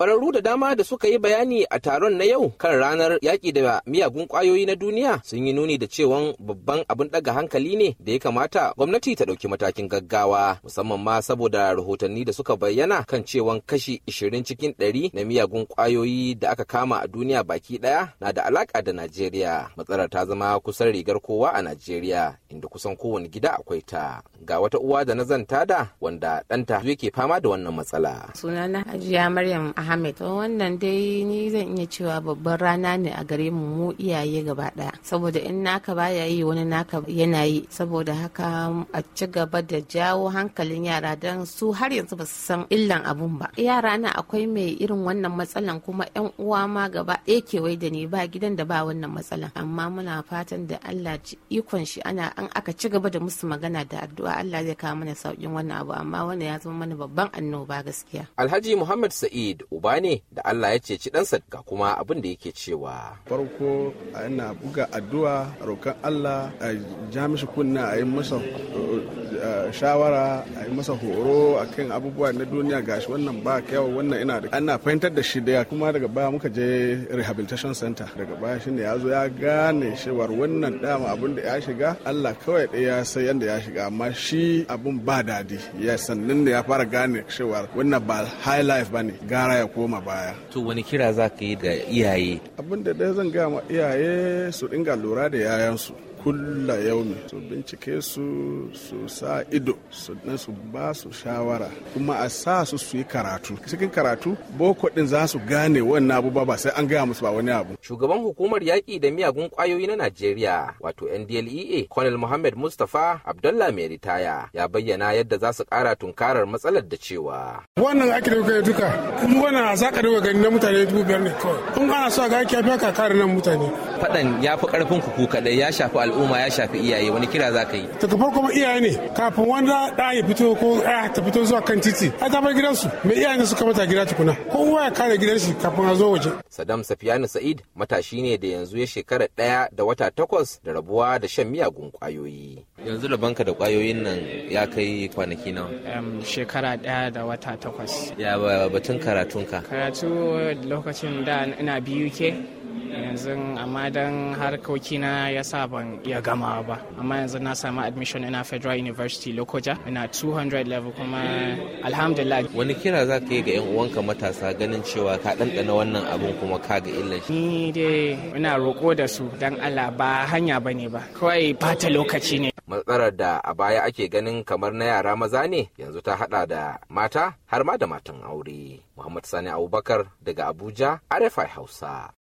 kwararru da dama da suka yi bayani a taron na yau kan ranar yaƙi da miyagun ƙwayoyi na duniya sun yi nuni da cewa babban abin ɗaga hankali ne da ya kamata gwamnati ta ɗauki matakin gaggawa musamman ma saboda rahotanni da suka bayyana kan cewa kashi 20 cikin ɗari na miyagun ƙwayoyi da aka kama a duniya baki ɗaya na da alaƙa da Najeriya. Matsalar ta zama kusan rigar kowa a Najeriya inda kusan kowane gida akwai ta. Ga wata uwa da na zanta da wanda ɗanta yake fama da wannan matsala. Sunana Hajiya Maryam Ahmed wannan dai ni zan iya cewa babban rana ne a gare mu mu iyaye gaba daya saboda in naka ya yi wani naka yana yi saboda haka a ci gaba da jawo hankalin yara don su har yanzu ba su san illan abun ba yara na akwai mai irin wannan matsalan kuma yan uwa ma gaba ɗaya kewaye da ni ba gidan da ba wannan matsalan amma muna fatan da Allah ji ikon shi ana an aka ci gaba da musu magana da addu'a Allah zai kawo mana saukin wannan abu amma wannan ya zama mana babban annoba gaskiya Alhaji Muhammad Sa'id uba ne da Allah ya ceci ɗansa ga kuma abin da yake cewa. Farko na buga addu'a roƙon Allah a ja kunna a yi masa shawara a yi masa horo a kan abubuwa na duniya gashi wannan ba kyau wannan ina da ana fahimtar da shi da kuma daga baya muka je rehabilitation center daga baya shi ne ya zo ya gane shewar wannan dama abin da ya shiga Allah kawai ɗaya sai yadda ya shiga amma shi abun ba dadi ya sannan da ya fara gane shewar wannan ba high life ne gara ya koma baya. To wani kira za ka yi da iyaye? Abin da zan gaya ma iyaye su dinga lura da yayansu. kulla yaumi su bincike su su sa ido su su ba su shawara kuma a sa su su yi karatu cikin karatu boko din za su gane wannan abubuwa ba sai an gaya musu ba wani abu shugaban hukumar yaƙi da miyagun ƙwayoyi na Najeriya wato NDLEA Colonel Muhammad Mustapha Abdullah mai ritaya ya bayyana yadda za su ƙara tunkarar matsalar da cewa wannan ake da duka kuma wannan a ka da gani na mutane dubu biyar ne kawai kun ana so ga ake kare nan mutane faɗan ya fi ƙarfin ku kaɗai ya shafi al'umma ya shafi iyaye wani kira za ka yi. daga farko ma iyaye ne kafin wanda ɗa ya fito ko ɗaya ta fito zuwa kan titi a ta bar gidansu mai iyaye iyayen suka mata gida tukuna ko uwa ya kare gidan shi kafin a zo waje. sadam safiyanu sa'id matashi ne da yanzu ya shekara ɗaya da wata takwas da rabuwa da shan miyagun ƙwayoyi. yanzu da banka da kwayoyin nan ya kai kwanaki nawa shekara daya da wata takwas ya batun karatunka karatu lokacin da ina biyu ke yanzu amma don harkoki ya sa ban iya gamawa ba amma yanzu na samu admission ina federal university lokoja ina 200 level kuma alhamdulillah wani kira za ka yi ga 'yan uwanka matasa ganin cewa ka ɗanɗana wannan abin kuma ka ga illar ni dai ina roƙo da su don allah ba hanya ba ne ba kawai bata lokaci ne matsalar da a baya ake ganin kamar na yara maza ne yanzu ta hada da mata har ma da matan aure muhammad sani abubakar daga abuja arefai hausa